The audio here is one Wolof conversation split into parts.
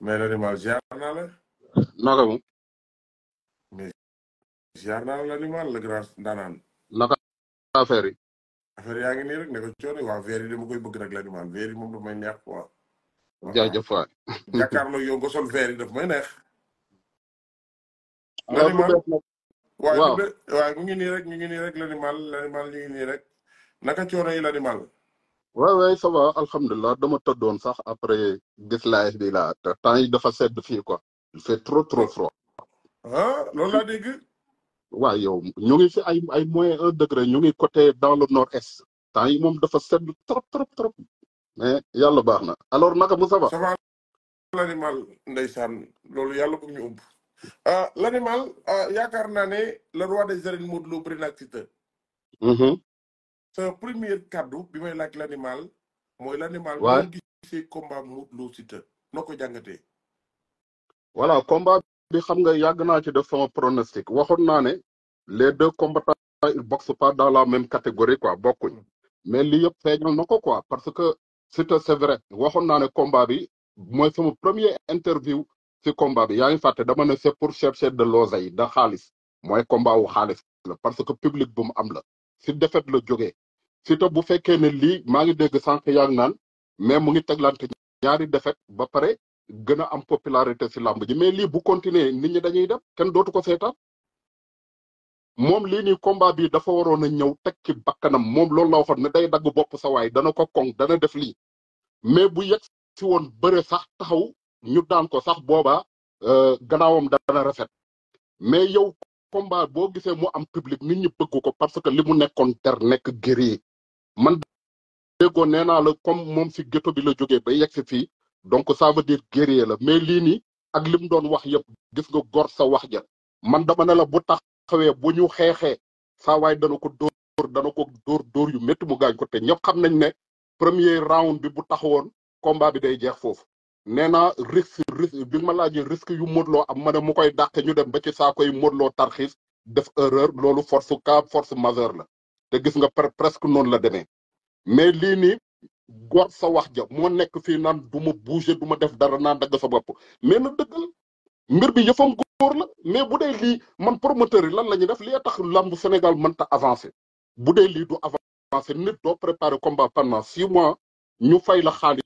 mais l'animal ziar naa la. naka mu. mais ziar naa la l'animal le grand ndaanaan. naka affaire yi. affaire yaa ngi rek ne ko coono waaw verre yi dama koy bëgg nag l'animal verre yi moom daf may neex quoi. jaajëf waay. jàkkaarloo yow nga sol daf may neex. ngi rek ngi rek l'animal l'animal ñu rek naka coono Ouais, ouais, ça va, alhamdulillah. Dama tëddoon sax après gis live bi là. te temps yi dafa sedd fii quoi. Il fait trop trop froid. Hein? loolu laa dégg. Ouais, yo, ñu ngi fi ay ay moins 1 degré ñu ngi côté dans le nord-est. temps yi moom dafa sedd trop trop trop. mais yàlla baax alors naka mu ça va. ça va l'animal ndeysaan loolu yàlla bu ñu ëmb. ah l'animal ah, yaakaar naa ne le roi des arènes Modou Lo bëri na sa première kaddu bi may laaj l'animal mooy l'animal waaw boo gisee combat Modou Lo Siteu noo ko jàngatee voilà bi xam nga yàgg naa ci def sama pronostic waxoon naa ne les deux combattants ils boxent pas dans la même catégorie quoi bokkuñ hmm. mais li yëpp feeñal na ko parce que Siteu c'est vrai waxoon naa ne combat bi mooy sama premier interview ci combat bi yaa ngi fàtte dama ne c'est pour chercher de l'oseille da xaalis mooy combat wu xaalis la parce que public bu mu am la si défaite la jógee Siteu bu fekkee ne lii maa ngi dégg sànq yaa ngi naan mais mu ngi teglante ñaari défaite ba pare gën a am popularité si làmb ji mais lii bu continuer nit ñi dañuy dem kenn dootu ko seetaan moom lii nii combat bi dafa waroon a ñëw teg ci bakkanam moom loolu la waxoon ne day dagg bopp sa waay dana ko koŋ dana def lii mais bu yegg si woon bëre sax taxaw ñu daan ko sax boobaa euh, gannaawam dana rafet mais yow combat boo gisee mu am public nit ñi bëgg ko parce que li mu nekkoon ter nekk guerrier man déggoo nee naa la comme moom si ghetto bi la jógee ba yegg si fii donc ça veut dire guerrier la mais lii nii ak li mu doon wax yëpp gis nga gor sa wax ja man dama ne la bu taxawee bu ñu xeexee saa waay dana ko dóor dana ko dóor dóor yu métti mu gaañ ko te ñëpp xam nañ ne premier round bi bu taxawoon combat bi day jeex foofu nee naa risque risque bi ma laajee risque yu Modou am ma ne mu koy dàqe ñu dem ba ci saa koy Modou Lo tarxiis def erreur loolu force cas force majeure la te gis nga presque non la demee mais li ni gor sa wax ja mo nek fi nan du bouger du def dara nan dag sa bop mais na dëggal mbir bi yëfam gor la mais bu dee lii man promoteur lan lañu def li tax lamb Sénégal mënta avancé bu dee li do avancer nit do préparer combat pendant 6 mois ñu fay la xaalis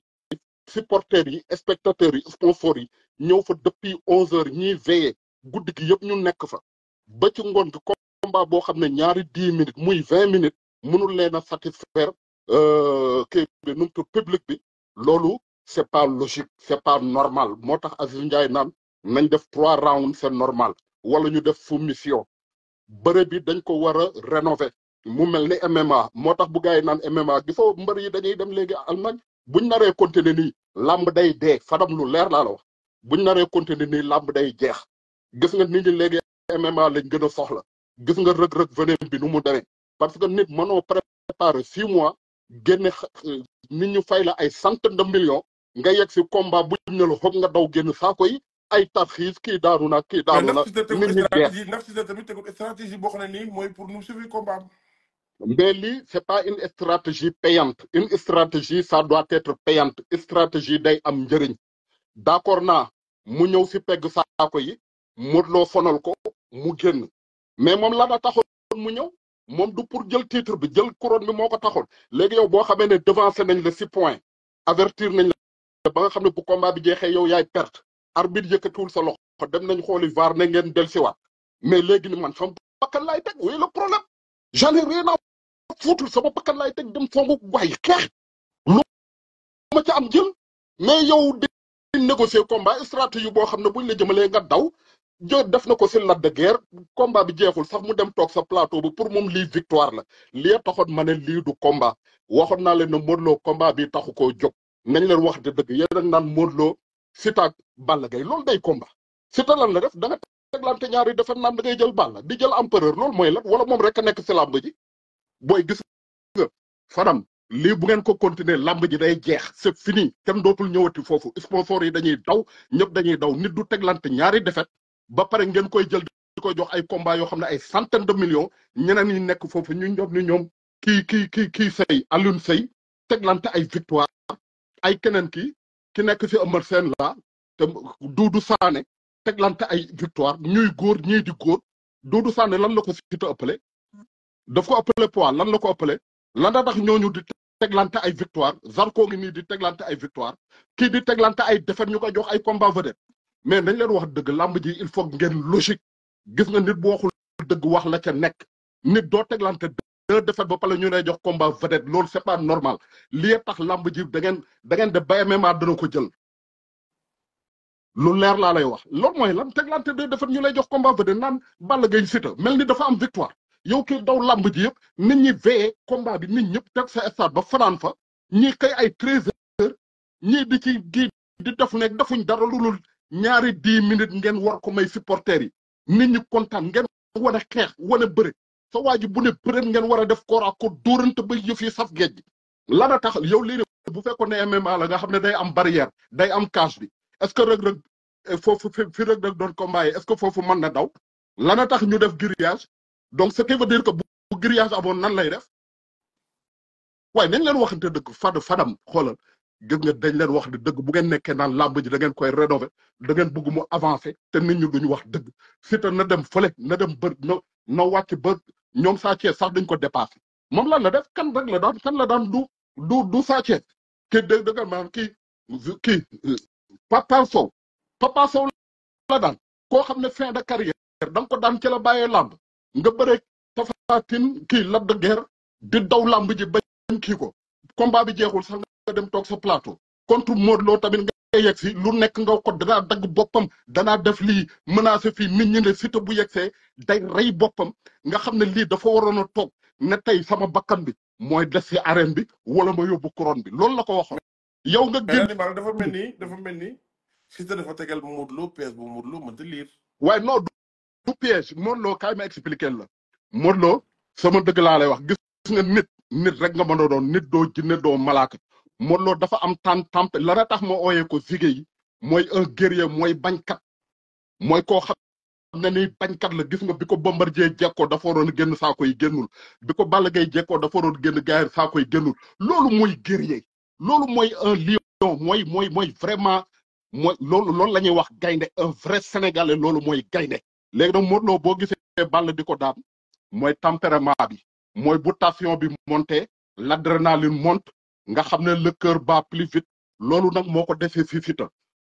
supporter yi spectateur yi sponsor yi ñeu fa depuis 11 h ñi veillé guddi gi yëpp ñu nek fa ba ci ngont combat boo xam ne ñaari dix minutes muy vingt minutes mënul leen a satisfaire euh, kii bi nu mu public bi loolu c' est pas logique c' pas normal moo tax Aziz Ndiaye naan nañ def trois rounds c' normal wala ñu def soumission bëre bi dañ ko war a rénover mu mel ni MMA moo tax bu gars yi naan MMA gi fo mbër yi dañuy dem léegi Allemagne buñ naree continuer nii làmb day dee fadam lu leer laa la wax buñ naree continuer nii làmb day jeex gis nga nit ñi léegi MMA lañ gën a soxla gis nga rëg rëg venin bi mu demee parce que nit o préparer six mois génne euh, nit ñu fay la ay centaine de millions nga yeg si combat bu ñu ne la nga daw génn saako yi ay tarxiis kii daanu na kii daanu na. nit ñi dee naf si tamit tegul stratégie boo ne nii mooy pour nous suivre combat mais lii c' est pas une stratégie payante une stratégie ça doit être payante stratégie day am njëriñ d' accord naa mu ñëw si peg saako yi Modou Lo sonal ko mu génn. mais moom la da taxoon mu ñëw moom du pour jël titre bi jël couronne mi moo ko taxoon léegi yow boo xamee ne devancé nañ la six points avertir nañ la ba nga xam ne bu combat bi jeexee yow yaay perte arbitre yëkkatiwul sa loxo dem nañ xooli vaar na ngeen dellusiwaat mais léegi ni man sama bakkan laay teg oui le problème j'en ai rien à foutre sama bakkan laay teg dem songu waay xeex lu ma ca am jël mais yow di négocier combat stratégie boo xam ne buñ la jëmalee nga daw jo def na ko si Lac de Guiers bi jeexul sax mu dem toog sa plateau bi pour moom lii victoire la lii taxoon ma ne lii du komba waxoon naa leen ne Modou Lo combat bi taxu koo jog nañ leen wax de dëgg yéen ak naan Modou Lo Siteu ak Balla Gaye loolu day combat Siteu lan la def da teglante ñaari defar naan da ngay jël Balla di jël empereur loolu mooy lan wala moom rek a nekk si làmb ji booy gis nga fanam lii bu ngeen ko continuer làmb ji day jeex c'est fini kenn dootul ñëwati foofu sponsor yi dañuy daw ñëpp dañuy daw nit du teglante ñaari defet ba pare ngeen koy jël di ko jox ay combat yoo xam ne ay centaine de millions ñeneen ñi nekk foofu ñu ñoom ni ñoom kii kii kii kii sëy Alioune Seye teglante ay victoire ay keneen ki ki nekk si Eumeu Sène la te Doudou Sané teglante ay victoire ñuy góor ñii di góor Doudou Sané lan la ko Siteu ëppale daf ko ëppale poids lan la ko ëppale lan la tax ñooñu di teglante ay victoire Zarko ngi nii di teglante ay victoire kii di teglante ay défaite ñu koy jox ay combat mais dañ leen wax dëgg làmb ji il faut ngeen logique gis nga nit bu waxul dëgg wax la ca nekk nit doo teglante deux défaites ba pare ñu lay jox combat vedette loolu c'est pas normal li tax làmb ji da ngeen da ngeen de ba MMA dana ko jël lu leer laa lay wax loolu mooy lan teglante deux défaites ñu lay jox combat vedette naan Balla Gaye Siteu mel ni dafa am victoire yow kii daw làmb ji yëpp nit ñi veillé combat bi nit ñëpp teg sa stade ba fanaan fa ñi xëy ay treize heures ñii di ci di di def nekk defuñ dara lu ñaari dix minutes ngeen war ko may supporters yi nit ñi kontaan ngeen war a xeex war a bëri sa waa ji ne bëreet ngeen war a def corps à corps dóorante ba yëf yi saf géej gi tax yow lii bu fekkoon ne MMA la nga xam ne day am barrière day am cage bi est-ce que rëg-rëg eh, foofu fi rëg-rëg doon combat yi est-ce foofu man na daw lan a tax ñu def grillage donc ce qui veut dire que bu grillage amoon nan lay def waaye nañ leen waxante dëgg fad fadam xoolal gis nga dañ leen wax ne dëgg bu ngeen nekkee naan làmb ji da ngeen koy rénover da ngeen bëgg mu avancer te nit ñu duñu wax dëgg Siteu na dem fële na dem bër na na wàcc ba ñoom Sa sax dañ ko dépassé moom lan la def kan rek la daan kan la daan du du du Sa Thiès ki da dëggal maanaam kii kii Papa Sow Papa Sow la daan koo xam ne fin de carrière da nga ko daan ci la bàyyee làmb nga bëre ta Tine kii Lac de Guiers di daw làmb ji bañ kii ko bi jeexul sax nga dem toog sa plateau contre Modou Lo tamit nga yegg si lu nekk nga ko danaa dagg boppam danaa def lii menacé fii nit ñi ne Siteu bu yegsee day rey boppam nga xam ne lii dafa waroon a toog ne tey sama bakkan bi mooy def si arène bi wala ma yóbbu couronne bi loolu la ko waxoon. yow nga génn dafa mel ni dafa mel ni Siteu dafa tegal Modou Lo piège bu Modou Lo mënta liir. waaye non du piège Modou Lo kaay ma expliqué la Modou Lo sama dëgg laa lay wax gis nga nit nit rek nga mën a doon nit doo jinne doo malaaka Modou Lo dafa am tànn tampe la na tax ma ooyee ko zigéey mooy un guerrier mooy bañkat mooy koo xam ne ni bañkat la gis nga bi ko Bombardier jekkoo dafa waroon génn saako yi génnul bi ko Balla Gaye jekkoo dafa waroon génn gaayar saako yi génnul loolu mooy guerrier loolu mooy un lion mooy mooy mooy vraiment mooy loolu loolu la ñuy wax gaynde un vrai sénégalais loolu mooy gaynde léegi nag Modou Lo boo gisee Balla di ko daan mooy tempérament bi mooy bu tension bi monté l'adrénaline mont nga xam ne le cœur bat plus vite loolu nag moo ko defee si Siteu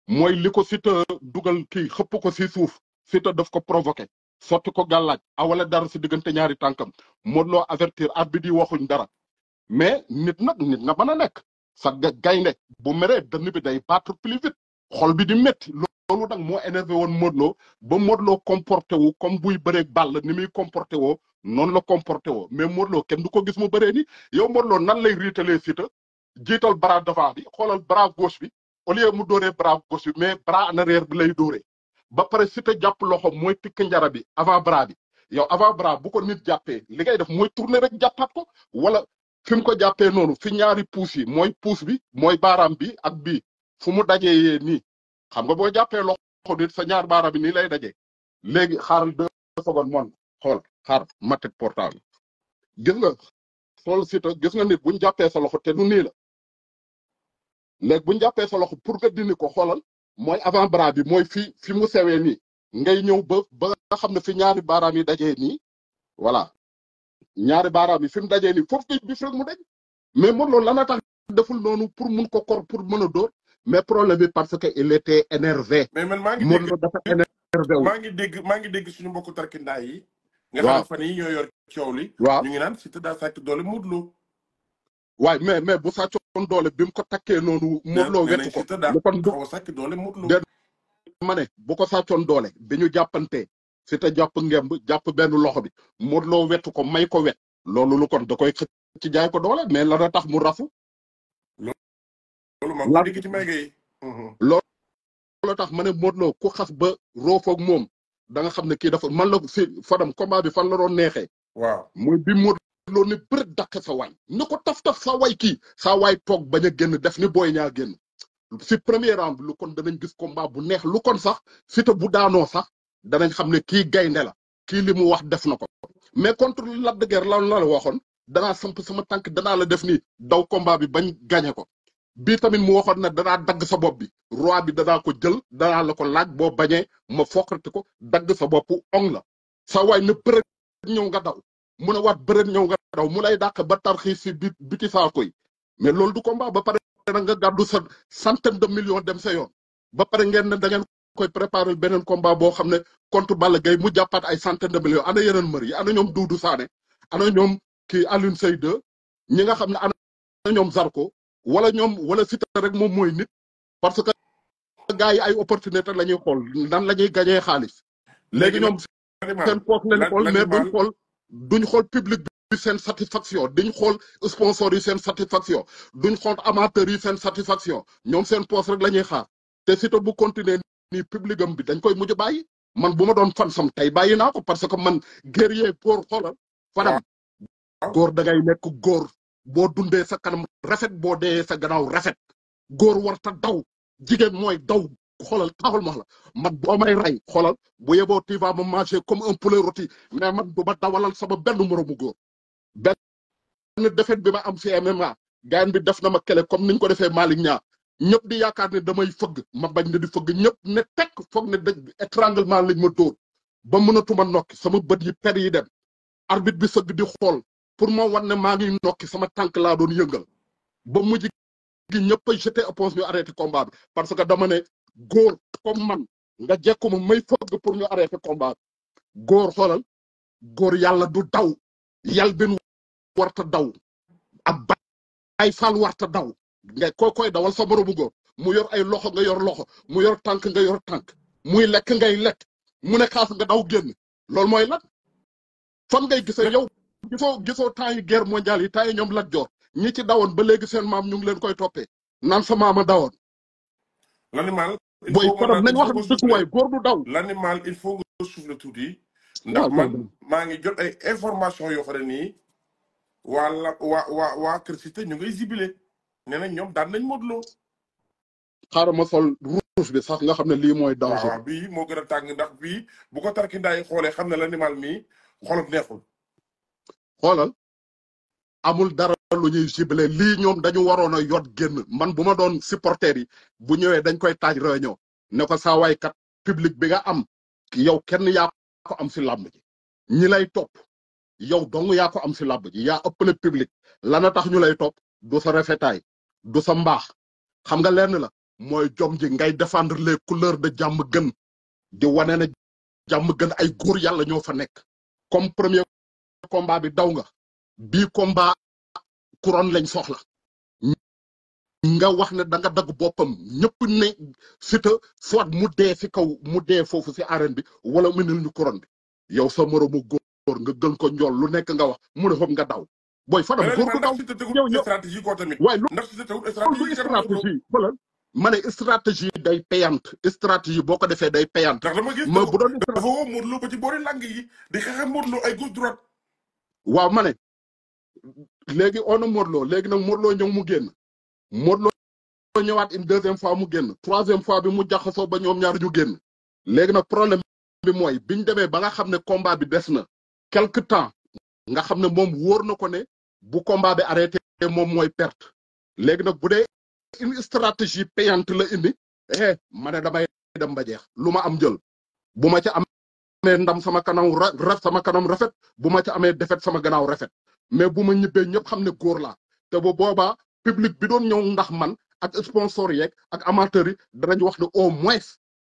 mooy li ko Siteu dugal kii xëpp ko si suuf Siteu def ko provoqué sotti ko a wala dara si diggante ñaari tànkam Modou Lo avertir at bi di waxuñ dara mais nit nag nit nga mën a nekk sa gaynde bu meree dënn bi day battre plus vite xol bi di métti loolu nag moo énervé woon Modou Lo ba Modou Lo comporté wu comme buy bëree bàll ni muy comporté woo noonu la comporté woo mais Modou Lo kenn du ko gis mu bëree ni yow Modou Lo nan lay riitalee Siteu jiital bras devant bi xoolal bras gauche bi au lieu mu dóoree bras gauche bi mais bras en arrière bi lay dóoree ba pare Siteu jàpp loxo mooy tikk njara bi avant bara bi yow avant bras bu ko nit jàppee li ngay def mooy tourner rek jàppaat ko wala fi mu ko jàppee noonu fi ñaari pouce yi mooy pouce bi mooy baaraam bi ak bii fu mu dajee nii xam nga boo jàppee loxo nit sa ñaar baaraam bi nii lay daje léegi xaaral deux secondes moon xool xar matet portable gis nga sol sita gis nga nit buñ jàppee sa loxo te nu nii la léegi buñ jàppee sa loxo pour nga dindi ko xoolal mooy avant bras bi mooy fi fi mu sewee nii ngay ñëw ba ba nga xam fi ñaari baaraam yi dajee nii voilà ñaari baaraam yi fi mu dajee nii foofu bi fi mu daj mais moom loolu lana tax deful noonu pour mun ko kor pour mën a dóor mais problème bi parce que il était énervé mais man maa ngi dégg dafa énervé maa ngi dégg maa ngi dégg suñu mbokku tarkindaa yi nga xam ne ñoo yor li. waaw ñu ngi naan Siteu daa mais mais bu sàccoon doole bi mu ko takkee noonu. Modou Lo wetu ko lu kon du sàcc doole ma ne bu ko sàccoon doole bi ñu jàppante Siteu jàpp ngemb jàpp benn loxo bi Modou Lo wetu ko may ko wet loolu lu kon koy xëcc ci jaay ko doole mais la tax mu rafu. loolu moom ci loolu tax ma ne Modou Lo ku xas ba roof moom. da nga xam ne kii dafa man la si Fadam combat bi fan la doon neexee. waaw bi mu loolu ni bëri dàq sa waay na ko taf taf sa waay kii saa waay toog bañ a génn def ni booy ñaa génn si premier round lu kon danañ gis combat bu neex lu kon sax Siteu bu daanoo sax danañ xam ne kii gaynde la kii li mu wax def na ko. mais contre Lac de la la waxoon danaa samp sama tànk danaa la def ni daw combat bi bañ gañe ko bi tamit mu waxoon ne danaa dagg sa bopp bi roi bi danaa ko jël danaa la ko laaj boo bañee ma foqati ko dagg sa bopp ong la sa waay ne bërët ñëw nga daw mu ne waat bërët ñëw nga daw mu lay dàq ba tarxi si bi biti saako yi mais loolu du combat ba pare na nga gàddu sa centaine de millions dem sa yoon ba pare ngeen ne da koy préparer beneen combat boo xam ne contre Balla Gaye mu jàppaat ay centaine de millions ana yeneen mër yi ana ñoom Doudou Sané ana ñoom kii Alioune Seye ñi nga xam ne ana ñoom Zarko wala ñoom wala Siteu rek moom mooy nit parce que gars yi ay opportunité la ñuy xool nan la ñuy gañee xaalis léegi ñoom seen poos lañ xool mais duñ xool duñ xool public bi seen satisfaction duñ xool sponsor yi seen satisfaction duñ xool amateurs yi seen satisfaction ñoom seen poos rek la ñuy xaar te Siteu bu continuer nii public am bi dañ koy mujj bàyyi man bu ma doon fan som tey bàyyi naa ko parce que man guerrier pour xoolal fadam ah. góor da ngay nekk góor boo dundee sa kanam rafet boo dee sa gannaaw rafet góor warta daw jigéen mooy daw xoolal taxul ma la man boo may rey xoolal bu yeboo ti vas me manger comme un poulet rôti mais man du ma dawalal sama benn moromu góor benn defet bi ma am fi MMA gaan bi def na ma kele comme ni ñu ko defee Malick Niang ñëpp di yaakaar ne damay fëgg ma bañ ne di fëgg ñëpp ne tekk foog ne daj étranglement lañ ma dóor ba mënatuma nokki sama bët yi per yi dem arbitre bi sëgg di xool pour moo wan ne maa ngi nokki sama tànk laa doon yëngal ba mujj gi ñëpp a jeté oppose ñu arrêté combat parce que dama ne góor comme man nga jekkuma may fëgg pour ñu arrêté combat bi góor xoolal góor yàlla du daw yal benn warta daw ak ay fal warta daw nga koy koy dawal sa borobu góor mu yor ay loxo nga yor loxo mu yor tànk nga yor tànk muy lekk ngay lekk mu ne xaas nga daw génn loolu mooy lan fan ngay gisa yow gisoo gisoo temps yi guerre mondiale yi yi ñoom Lat Joor ñi ci dawoon ba léegi seen maam ñu ngi leen koy toppee naan sa maama dawoon. l'animal il faut booy korom nañ wax ni dëkkuwaay góor du daw. l'animal il faut nga souffle tuuti. ndax man maa ngi jot ay information yoo xam ne nii waa la waa waa waa Kër Cité ñu ngay zibilé nee nañ ñoom daan nañ modloo. xaaral ma sol ruus bi sax nga xam ne lii mooy danger. waaw bii moo gën a tàng ndax bii bu ko tarkindaa yi xoolee xam ne l'animal mii xolam neexul. xoolal amul dara lu ñuy ciblé lii ñoom dañu waroon a yot génn man bu ma doon supporter yi bu ñëwee dañ koy taaj réunion ne ko saa waay kat public bi nga am yow kenn yaa ko am si làmb ji lay topp yow dong yaa am si làmb ji yaa ëppale public lana tax ñu lay topp du sa rafetaay du sa mbaax xam nga lenn la mooy jom ji ngay défendre les couleurs de jàmm gën di wane ne jàmm gën ay góor yàlla ñoo fa nekk comme premier combat bi daw nga bii combat couronne lañ soxla nga wax ne da nga dagg boppam ñëpp ne Siteu soit mu dee si kaw mu dee foofu si arène bi wala mu nil ñu couronne bi yow sa moromu góor nga gën ko njool lu nekk nga wax mu ne nga daw booy Fadam góor ko daw yow stratégie ma ne day peyant stratégie boo ko defee day payante. ma bu doon stratégie dafa woo Modou di xeex Modou Lo waaw ma ne léegi on a Modou léegi nag Modou Lo mu génn Modou Lo ñëwaat une deuxième fois mu génn troisième fois bi mu jaxasoo ba ñoom ñaar ñu génn léegi nag problème bi mooy biñ demee ba nga xam ne combat bi des na quelque temps nga xam ne moom wóor na ko ne bu combat bi arrêté moom mooy perte léegi nag bu dee une stratégie payante la indi eh ma damay dem ba jeex lu ma am jël bu ma ci am amee ndam sama kanam raf sama kanam rafet bu ma ca amee defet sama gannaaw rafet mais bu ma ñibbee ñëpp xam ne góor laa te bu boobaa public bi doon ñëw ndax man ak sponsor yeeg ak amateurs yi danañ wax ne au moins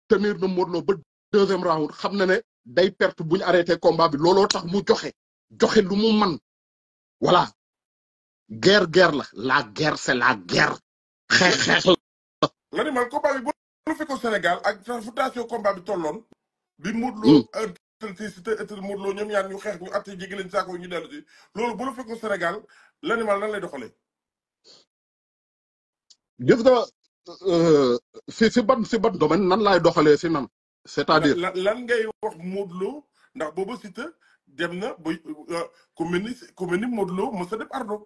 tenir na Modou Lo ba deuxième round xam na ne day perte bu ñu arrêté combat bi looloo tax mu joxe joxe lu mu man voilà guerre guerre la la guerre c'est la guerre xeex xeex la. nga ne man combat bi Sénégal ak transportation combat bi tolloon. bi Modou Lo te si te Modou Lo ñoom ñaar ñu xeex ñu atte jéggi leen saako ñu dellu si loolu bu la fekkoon lan l'animal nan lay doxalee. jëf da euh, si si ban si ban domaine nan laay doxalee si nan. c'est-à-dire lan ngay wax Modou ndax booba Siteu dem na ba euh, ku mel ni ku mel ardo.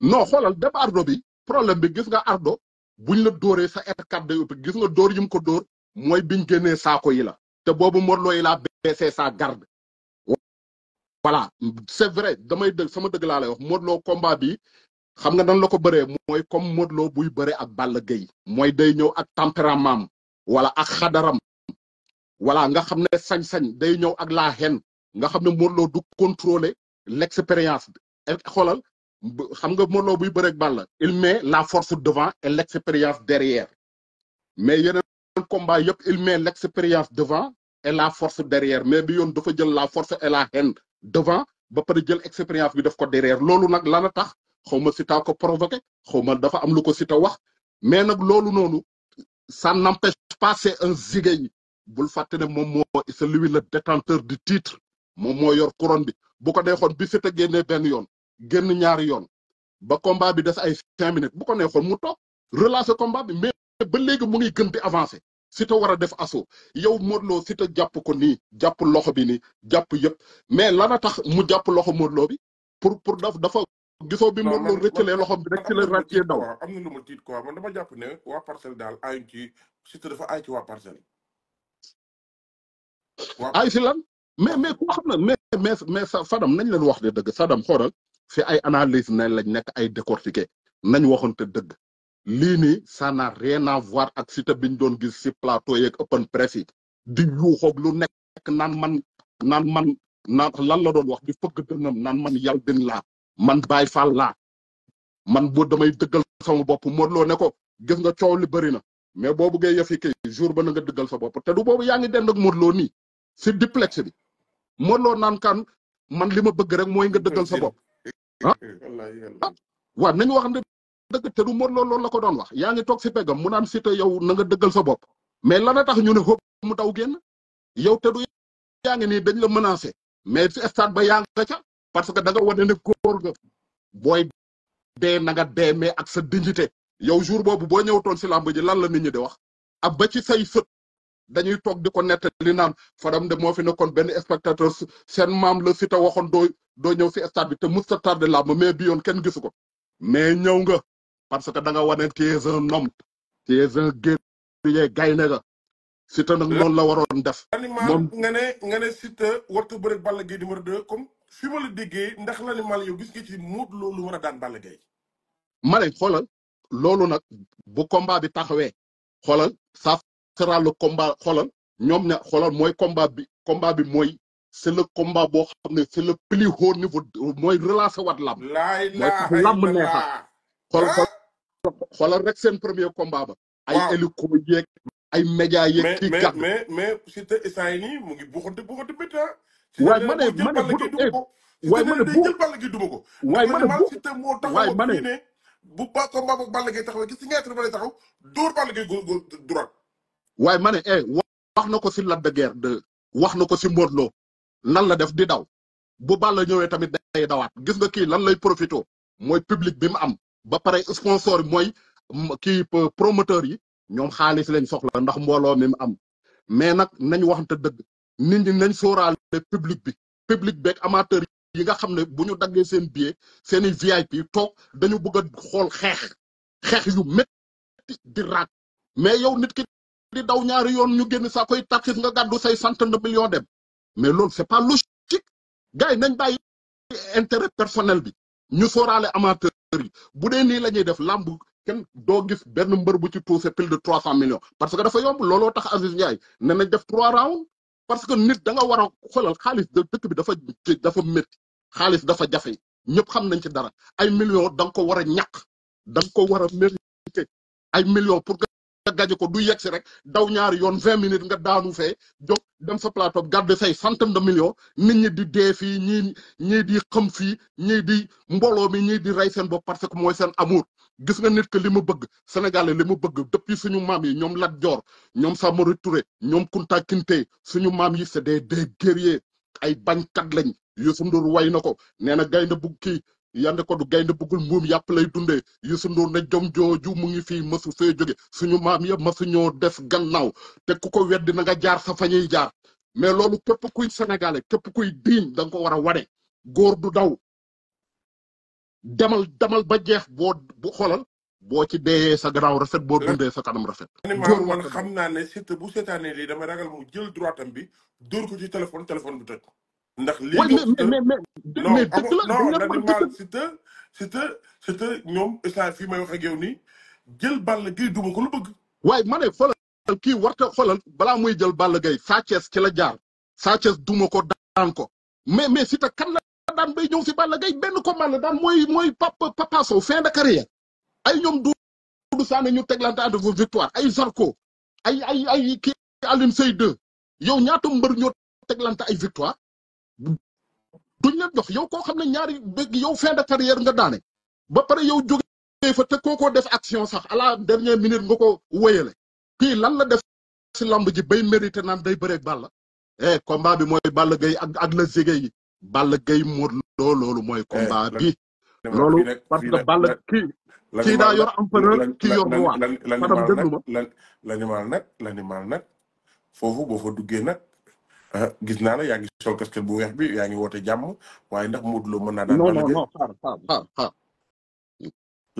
non xoolal def ardo bi problème bi gis nga ardo buñ la doore sa R4 day gis nga dóor yi ko dóor mooy biñ génnee saako yi la. te bobu Morlo yi laa baissé sa garde. voilà c'est vrai damay deug sama deug la lay wax modlo combat bi xam nga nan lako beure moy comme modlo buy beure ak balle Gaye moy day ñew ak tempérament wala ak khadaram voilà nga xam sañ-sañ day ñew ak la haine nga xam modlo du contrôler l'expérience xolal xam nga modlo buy beure ak balle il met la force devant et l'expérience derrière mais yeneen combat il met l'expérience devant et la force derrière mais il dafa jël la force et la haine devant ba paré jël expérience bi daf ko derrière loolu n'a lana tax xawma ci ta ko provoqué xawma dafa am lu ko ta wax mais nag lolou nonu, ça n'empêche pas c'est un zigay. bul faté ne moom c'est lui le détenteur du titre moom mo yor couronne bi bu ko neexoon bi Siteu génnee benn yoon génn ñaari yoon ba combat bi des ay cinq minutes bu ko neexoon mu toog relancer combat bi mais ba léegi mu ngi gën di avancé Siteu war a def assaut yow Modou Lo Siteu jàpp ko nii jàpp loxo bi ni jàpp yëpp mais lana tax mu jàpp loxo Modou Lo bi pour pour daf dafa gisoo bi Modou Lo rëccalee loxo bi rek ci la ràccee daw am na lu ma tiit quoi man dama jàpp ne waa daal ayuñ ci Siteu dafa waa parcelle ay si lan mais mais koo xam ne mais mais mais Sadam nañ leen wax de dëgg Sadam xoolal fi ay analyse nañ lañ nekk ay décortiqué nañ waxoon te dëgg lini nii ça n'a rien à voir ak cité biñ doon gis ci plateau yek open press di di xok lu nek nan man nan man nan lan la doon wax di fëgg dënnam nan man yal din la man bay Faal la man bo damay deugal sama bop mo Lo ne ko gis nga ciow li bëri na mais bobu buggee yëf kay jour ba nga deugal sa bop te du bobu yaangi dem nak ak Lo ni si duplex bi mo Lo nan kan man lima ma bëgg rek moy nga deugal sa bop wa nañ wax dëgg te du Modou Lo loolu la ko doon wax yaa ngi toog si peggam mu naan Siteu yow na nga dëggal sa bopp mais lana tax ñu ne xóob mu daw génn yow te du yaa ngi nii dañ la menacé mais si stade ba yaa nga ca parce que da nga wane ne góor nga booy dee na nga dee mais ak sa dignité yow jour boobu boo toon si làmb ji lan la nit ñi di wax a ba ci say sët dañuy toog di ko li naan Fadam de moo fi nekkoon benn spectateur seen maam la Siteu waxoon doo doo ñëw si stade bi te mosut a tardé làmb mais bi yoon kenn gisu ko mais ñëw nga parce que da nga wane tu es un homme tu nag noonu la waroon def. moom nga ne nga ne Siteu wartu bëri Balla Gaye numéro 2 comme ndax l'animal yow gis nga ci muut loolu war a daan Balla Gaye. ma ne nag bu combat bi taxawee xoolal ça sera le combat xoolal ña xoolal mooy combat bi combat bi mooy c'est le combat xam ne c'est le plus haut niveau mooy relancer wat lamb. mooy tax lamb xoolal rek seen premier combat ba. ay ay média yeeg. kii mais mais mais yi mu ngi buxante buxante métti ah. waaye ma ne eh, ko. waaye ma ne bu waaye ba combat ak bàll gi taxaw gis nga ñaata lay waaye ma eh wax na ko si Lac de Guiers wax na ko si Modou Lo nan la def di daw bu bàll ñëwee tamit day dawaat gis nga kii lan lay profito mooy public bi mu am. ba pare sponsor moy ki promoteur yi ñom xaalis lañ soxla ndax mbolo mi am mais nak nañ waxante deug nit ñi nañ le public bi public beeg amateur yi nga xamne buñu daggé ñu seen billet seeni VIP tok dañu bëgg xol xex xex yu métti di rat mais yow nit ki di daw ñaari yoon ñu genn sa koy tarxis nga gàddu say centaine de millions dem mais lool c'est pas logique gars nañ bàyyi intérêt personnel bi ñu sóoraale amateur yi bu dee nii la ñuy def làmb kenn doo gis benn mbër bu ci tuuse pile de trois cent millions parce que dafa yomb looloo tax Aziz Ndiaye ne nañ def trois rounds parce que nit da nga war a xoolal xaalis de dëkk bi dafa dafa métti xaalis dafa jafe ñëpp xam nañ ci dara ay millions da ko war a ñàkk da nga ko war a mérité ay millions pour gaje ko du yegg si rek daw ñaari yoon vingt minutes nga daanu fee jóg dem sa plateau garde say centaine de millions nit ñi di dee fii ñii ñii di xam fii ñii di mbooloo mi ñii di rey seen bopp parce que mooy seen amour gis nga nit que li mu bëgg Sénégalais li mu bëgg depuis suñu maam yi ñoom Lat Joor ñoom Samori Touré ñoom Kunta Kinte suñu maam yi c'est des des guerriers ay bañkat lañ Youssou Ndour way na ko nee na gaynde bu kii yande ko du gaynde bëggul mbuum yàpp lay dundee Youssou Ndour ne jom jooju mu ngi fii masu fee jóge suñu maam yëpp masuñoo def gannaaw te ku ko weddi na nga jaar sa fa jaar mais loolu képp kuy senegale képp kuy diiñ da nga ko war a wane góor du daw demal demal ba jeex boo bu xoolal boo ci deeyee sa gannaaw rafet boo dundee sa kanam rafet. góor man xam naa ne Siteu bu seetaanee lii dama ragal mu jël droitam bi dóor ko ci téléphone téléphone bi toj ko. ndax lii mais mais mais dëgg la non non Siteu Siteu Siteu ñoom instant fii may wax ak yow nii jël Balla gi duma ko lu bëgg. waaye ma ne xoolal kii warta xoolal balaa muy jël Balla Gaye Sa Thiès ci la jaar Sa Thiès duma ko daan ko mais si Siteu kan la daan bay ñëw si Balla Gaye benn combat la daan mooy mooy Papa Papa Sow fin de carrière ay ñoom Doudou Sané ñu teglante à vos victoire ay Zarko ay ay ay kii Alioune Seye 2 yow ñaata mbër ñoo teglante ay victoire. duñ leen jox yow koo xam ne ñaari yow fin de carrière nga daane ba pare yow jógee fa te kookoo def action sax à la dernière minute nga ko wéyale kii lan la def si lamb ji bay mérité naan day bëreeg Balla eh combat bi mooy Balla Gaye ak ak la zigéey yi Balla Gaye Modou Lo loolu mooy eh, combat bi loolu parce que Balla kii kii daa yor empereur kii yor roi madame déglu ma l'animal nag l'animal nag foofu boo fa duggee nag Ah, gis naa la yaa ngi bu weex bi yaa ngi woote jàmm waaye ndax Modou Lo mën naa daan. non non non xaar xaar xaar.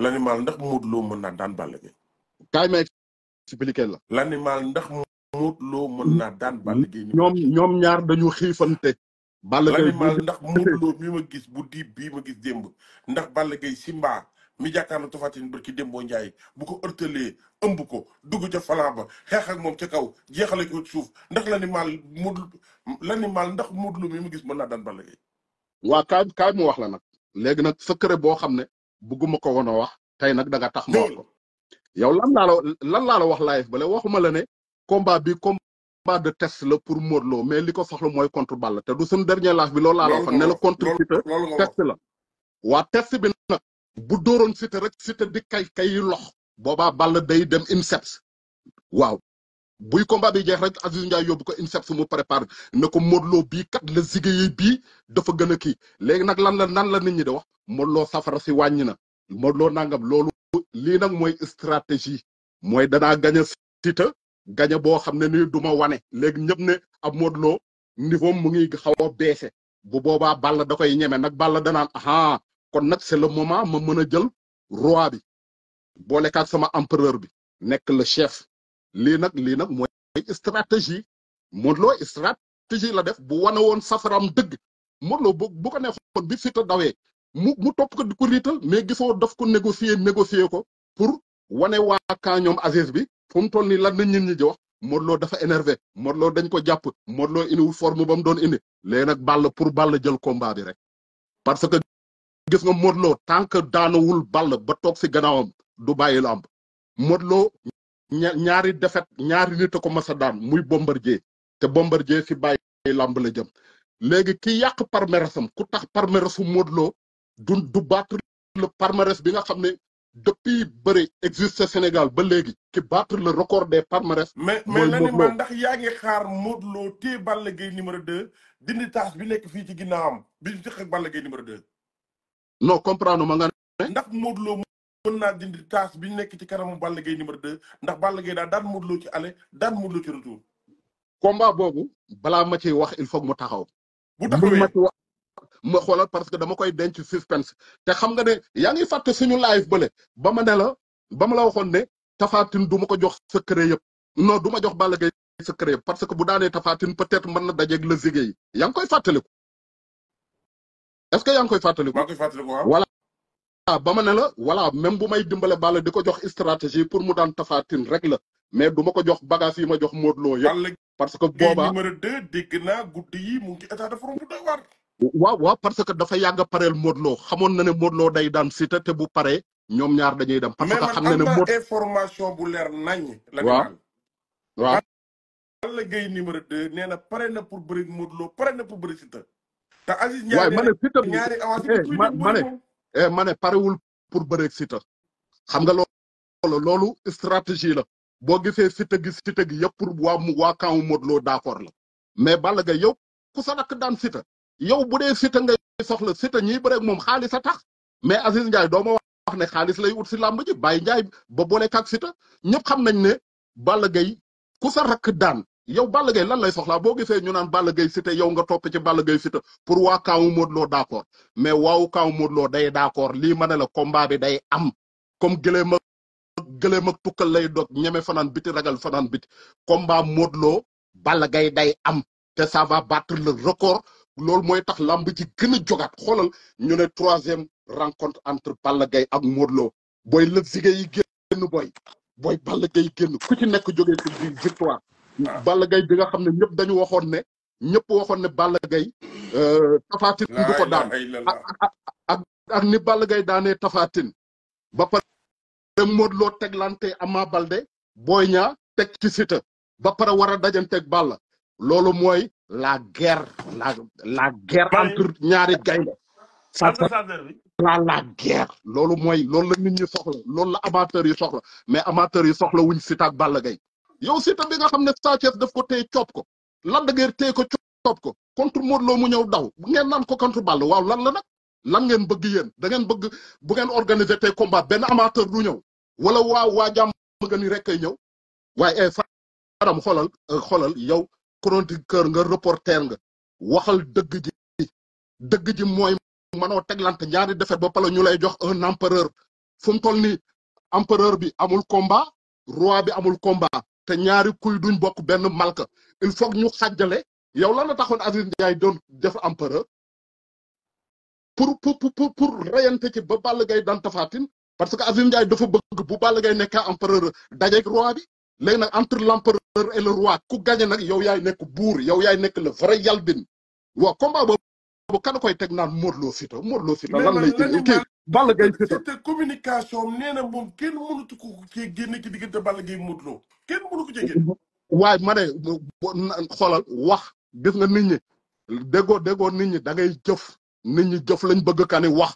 l'animal ndax Modou Lo mën naa daan Balla Gaye. kaay ma ndax Modou Lo mën naa daan ñoom ñaar dañu xiifante. Balla Gaye l'animal ndax Modou mi ma gis bu diib bi ma gis démb ndax Balla Gaye si mi jàkkaarloo Tapha Tine barki Dembo Ndiaye bu ko ërtalee ëmb ko dugg ca falan ba xeex ak moom ca kaw jeexale ko suuf ndax la ni maal la ni maal ndax Modou Lo mi mu gis mën naa daan Balla Gaye waa kaay kaay mu wax la nag léegi nag secret boo xam ne bugguma ko woon a wax tey nag da tax ma yow lan laa la lan laa la wax live bale waxuma la ne combat bi combat de test la pour Modou Lo mais li ko soxla mooy contre Balla te du suñu dernier live bi loolu laa la wax ne la la test bi bu dóoroon Siteu rek Siteu di kay kay lox boobaa Balla day dem INSEPS waaw buy combat bi jeex rek Aziz Ndiaye yóbbu ko INSEPS mu préparé na ko Modou Lo bii kat la zigéey bii dafa gën a kii léegi nag lan la nan la nit ñi di wax Modou Lo safara si wàññi na Modou Lo nangam loolu lii nag mooy stratégie mooy danaa gaña a gaña gañ boo xam ne nii du ma wane léegi ñëpp ne ab Modou Lo niveau mu ngi xaw a baissé bu boobaa Balla da koy ñeme nag Balla danaan aha kon nag c'est la moment ma mën a jël roi bi boolekaak sama empereur bi nekk le chef lii nag lii nag mooy stratégie Modou Lo stratégie la def bu wane woon safaram dëgg Modou Lo bu bu ko neexoon bi Siteu dawee mu mu topp ko di ko riital mais gisoo daf ko négocier négocier ko pour wane waa camp ñoom Aziz bi fu mu toll nii lan la nit ñi di wax Modou dafa énervé Modou Lo dañ ko jàpp Modou Lo indiwul forme ba mu doon indi léegi nag Balla pour Balla jël combat bi rek gis nga Modou Lo tant que daanawul Balla ba toog si gannaawam du bàyyi lamb Modou Lo ñaari defet ñaari nit a ko daan muy Bombardier te Bombardier si bàyyi lamb la jëm léegi ki yàq parmerasam ku tax parmerasu Modou Lo du du la par palmarès bi nga xam ne depuis bëri existe Sénégal ba léegi ki battre le record des palmarès. mais mais lan ma ndax yaa ngi xaar Modou Lo téye numéro 2 dindi taas bi nekk fii ci ginnaawam bi ñu tëx ak Balla Gaye numéro 2. non comprendre ma nga ne. ndax Modou Lo mën naa dindi taas bi nekk ci kanamu Balla Gaye numéro 2 ndax Balla Gaye daal daan Modou ci aller daan Modou Lo ci retour. combat boobu balaa ma ciy wax il foog mu taxaw. bu taxawee ma ci wax ma que dama koy denc suspense te xam nga ne yaa ngi fàtte suñu live bële ba ma ne la ba ma la waxoon ne tafaatin du ma ko jox secret yëp no du ma jox Balla Gaye secret yëpp parce que bu daanee tafaatin peut-être mën na dajeeg la zigé yi yaa ngi koy fàttaliku. est ce que yang koy fàttaliku. maa ngi koy fàttaliku ba ma ne la wala même bu may dimbalé balle diko jox stratégie pour mu dan tafaatin rek la mais duma ko jox bagage yi ma jox modlo Lo parce que boba numéro 2 dégg goudi yi mu ngi état de front bu doy waar. wa waaw parce que dafa yag parel modlo xamone na ne modlo day dan cité te bu paré ñom ñaar dañuy dem. parce que xam ne mod information bu lèr nañ. la wa wa Balla Gaye numéro 2 néna paré na pour bëri modlo paré na pour bëri cité te Aziz Ndiaye ma ne Siteu ñaari eh, ma ma eh, parewul pour bëreeg Siteu xam nga loolu loolu stratégie la boo gisee Siteu gi Siteu gi yëpp pour waa mu waa kawu Modou Lo la mais Balla gay yow ku sa rakk daan Siteu yow bu dee Siteu ngay soxla Siteu ñi bëreeg moom xaalis a tax mais Aziz Ndiaye doom ma wax ne xaalis lay ut si làmb ji Baye Ndiaye ba boole ak sita ñëpp xam nañ ne Balla Gaye ku sa rakk daan yow Balla Gaye lan lay soxlaa boo gisee ñu naan Balla Gaye Siteu yow nga topp ci Balla gay Siteu pour waa kaawu Modou Lo d'accord mais waaw kaawu Modou Lo day d'accord lii ma ne la combat bi day am comme gëléem ak gëléem ak tukkal lay dog ñeme fanaan biti ragal fanaan biti combat Modou Lo Balla Gaye day am te ça va battre le record loolu mooy tax lamb ji gën a jogaat xoolal ñu ne troisième rencontre entre Balla Gaye ak Modou Lo booy lëb zigé yi génn booy booy Balla Gaye génn ku ci nekk jógee victoire Balla Gaye bi nga xam ne ñëpp dañu waxoon ne ñëpp waxoon ne Balla Gaye euh, Tapha Tine du ko daan ak ak ak ni Balla Gaye daanee Tapha Tine ba pare Modou Lo teglante Ama Baldé Boy Niang teg ci Siteu ba pare war a dajanteeg Balla loolu mooy la guerre la la guerre entre ñaari gaynde ça la la loolu mooy loolu la nit soxla loolu la amateurs yi soxla mais amateurs yi soxla wuñ Siteu ak Balla Gaye yow si Siteu bi nga xam ne Sa Thiès ko téye coob ko Lac de Guiers téye ko coob ko contre Modou mu ñëw daw ngeen naan ko contre Balla waaw lan la nag lan bëgg yéen da ngeen bëgg bu ngeen organiser tey combat benn amateur du ñëw wala waa waa jàmm nga ni rek kay ñëw waaye eh, faram xoolal eh, xoolal yow chroniqueur nga reporter nga waxal dëgg ji dëgg ji mooy mënoo teglante ñaari defet ba pala ñu lay jox un empereur fu ni empereur bi amul combat roi bi amul combat te ñaari kuy duñ bokk benn malka il faut ñu xàjjale yow lan la taxoon Aziz Ndiaye doon def empereur pour pour pour pour reyante ci ba Balla Gaye daan tafaatin parce que Aziz Ndiaye dafa bëgg bu Balla Gaye nekk empereur dajeeg roi bi léegi nag entre l'empereur et le roi ku gagné nag yow yaay nekk buur yow yaay nekk la vrai yalbin waaw combat boobu kan koy teg naan Modou Lo Siteu Modou Lo Siteu lan lay kii Balla Gaye Siteu communication am nee na moom kenn mënatu ko cee génne ci diggante Balla Gaye Modou Lo kenn mënu ko wax gis nga nit ñi déggoo déggoo nit ñi da ngay jëf nit ñi lañ bëgg kani wax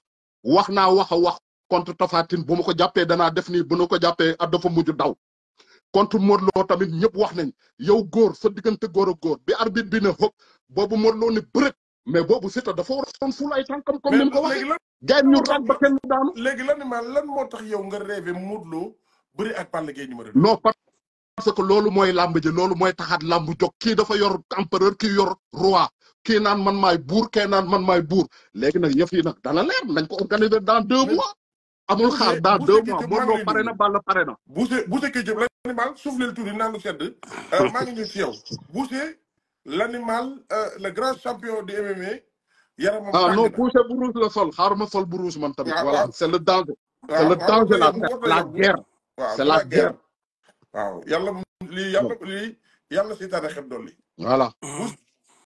wax naa wax a wax contre Tafatine bu ma ko jàppee danaa def nii bu ma ko jàppee at dafa mujj daw. contre Modou tamit ñëpp wax nañ yow góor sa diggante góor ak góor bi arbitre bi ne xëpp boobu mais boobu Siteu dafa war a sonn suul ay tànkam comme ni mu ko waxee. ñu raag ba kenn daanu. léegi lan ma lan moo tax yow nga rêvé Modou Lo bëri ak Balla Gaye numéro non parce que loolu mooy làmb ji loolu mooy taxaat làmb jóg kii dafa yor empereur kii yor roi kii naan man maay buur kii naan man maay buur léegi nag yëf yi nag dana leer nañ ko organiser dans amul xaar dans deux mois Modou Lo pare na Balla pare na. Bousse Bousse Kédé lan la ni maanaam suuf leen tuuti si euh, yow l'animal euh, le grand champion du MMA. yaramam ah non couche bu rouge la sol xaaral ma sol bu rouge ah, voilà ah. c'est le danger. Ah, le danger la la guerre. c'est la guerre. waaw yàlla lii yàlla lii yàlla si tànn voilà.